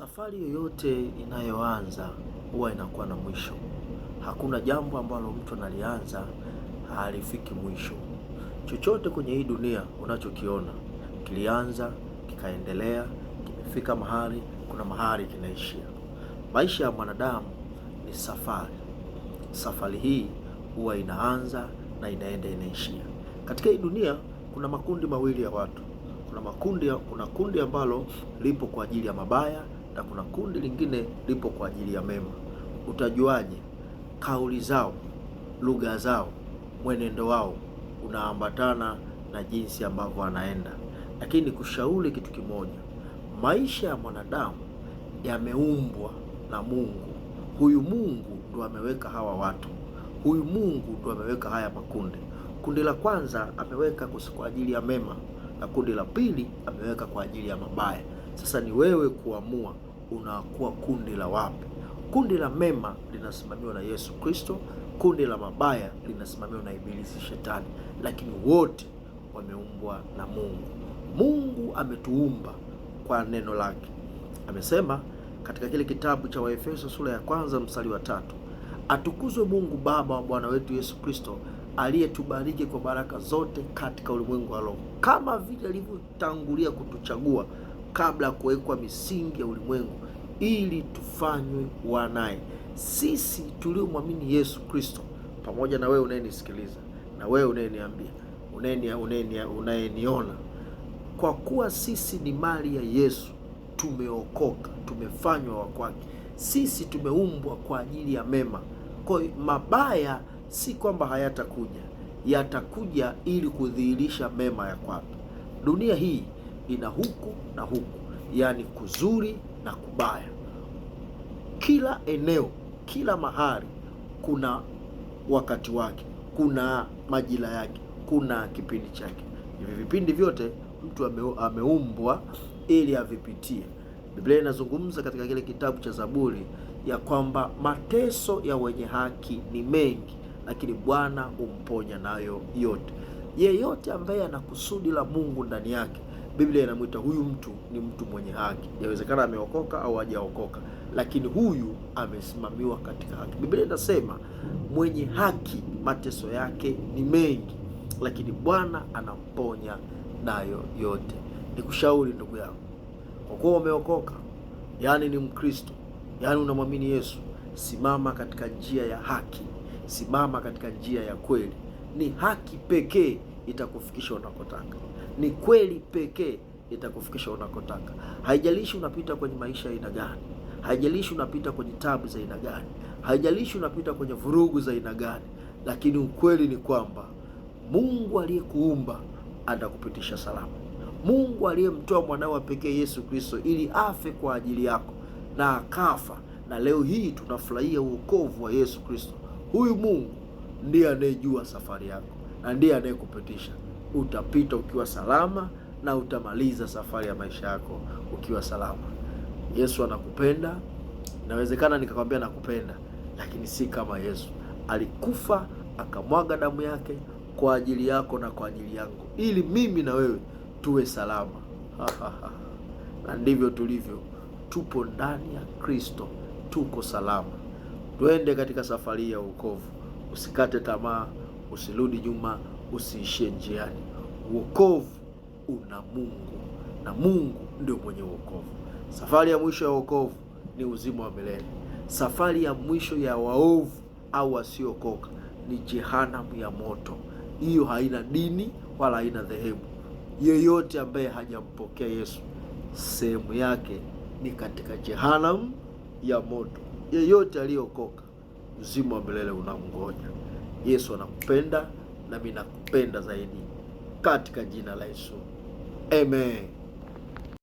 Safari yoyote inayoanza huwa inakuwa na mwisho. Hakuna jambo ambalo mtu analianza halifiki mwisho. Chochote kwenye hii dunia unachokiona kilianza, kikaendelea, kimefika mahali, kuna mahali kinaishia. Maisha ya mwanadamu ni safari. Safari hii huwa inaanza na inaenda inaishia. Katika hii dunia kuna makundi mawili ya watu. Kuna makundi, kuna kundi ambalo lipo kwa ajili ya mabaya na kuna kundi lingine lipo kwa ajili ya mema. Utajuaje? Kauli zao, lugha zao, mwenendo wao unaambatana na jinsi ambavyo anaenda. Lakini kushauri kitu kimoja, maisha ya mwanadamu yameumbwa na Mungu. Huyu Mungu ndo ameweka hawa watu, huyu Mungu ndo ameweka haya makundi. Kundi la kwanza ameweka kwa ajili ya mema na kundi la pili ameweka kwa ajili ya mabaya. Sasa ni wewe kuamua unakuwa kundi la wapi? Kundi la mema linasimamiwa na Yesu Kristo, kundi la mabaya linasimamiwa na Ibilisi Shetani, lakini wote wameumbwa na Mungu. Mungu ametuumba kwa neno lake. Amesema katika kile kitabu cha Waefeso sura ya kwanza mstari wa tatu, atukuzwe Mungu Baba wa Bwana wetu Yesu Kristo aliyetubariki kwa baraka zote katika ulimwengu wa roho, kama vile alivyotangulia kutuchagua kabla ya kuwekwa misingi ya ulimwengu, ili tufanywe wanaye. Sisi tuliomwamini Yesu Kristo, pamoja na wewe unayenisikiliza na wewe unayeniambia, unayeniona, kwa kuwa sisi ni mali ya Yesu, tumeokoka, tumefanywa wa kwake. Sisi tumeumbwa kwa ajili ya mema. Kwa hiyo mabaya si kwamba hayatakuja, yatakuja ili kudhihirisha mema ya kwake. Dunia hii ina huku na huku, yaani kuzuri na kubaya. Kila eneo, kila mahali kuna wakati wake, kuna majira yake, kuna kipindi chake. Hivi vipindi vyote mtu ameumbwa ili avipitie. Biblia inazungumza katika kile kitabu cha Zaburi ya kwamba mateso ya wenye haki ni mengi, lakini Bwana humponya nayo yote. Yeyote ambaye ana kusudi la Mungu ndani yake Biblia inamwita huyu mtu ni mtu mwenye haki. Yawezekana ameokoka au hajaokoka, lakini huyu amesimamiwa katika haki. Biblia inasema mwenye haki mateso yake ni mengi, lakini Bwana anamponya nayo yote. Nikushauri ndugu yangu, kwa kuwa umeokoka, yaani ni Mkristo, yaani unamwamini Yesu, simama katika njia ya haki, simama katika njia ya kweli. Ni haki pekee itakufikisha unakotaka, ni kweli pekee itakufikisha unakotaka. Haijalishi unapita kwenye maisha ya aina gani, haijalishi unapita kwenye tabu za aina gani, haijalishi unapita kwenye vurugu za aina gani, lakini ukweli ni kwamba Mungu aliyekuumba atakupitisha salama. Mungu aliyemtoa mwanawe wa pekee Yesu Kristo ili afe kwa ajili yako na akafa, na leo hii tunafurahia uokovu wa Yesu Kristo. Huyu Mungu ndiye anayejua safari yako na ndiye anayekupitisha. Utapita ukiwa salama na utamaliza safari ya maisha yako ukiwa salama. Yesu anakupenda. Inawezekana nikakwambia nakupenda, lakini si kama Yesu. Alikufa akamwaga damu yake kwa ajili yako na kwa ajili yangu, ili mimi na wewe tuwe salama. Na ndivyo tulivyo, tupo ndani ya Kristo, tuko salama. twende katika safari ya wokovu, usikate tamaa usirudi nyuma, usiishie njiani. Uokovu una Mungu na Mungu ndio mwenye uokovu. Safari ya mwisho ya wokovu ni uzima wa milele. Safari ya mwisho ya waovu au wasiokoka ni jehanamu ya moto. Hiyo haina dini wala haina dhehebu yeyote. Ambaye hajampokea Yesu, sehemu yake ni katika jehanamu ya moto. Yeyote aliyokoka, uzima wa milele unamngoja. Yesu anakupenda na mimi nakupenda zaidi katika jina la Yesu. Amen.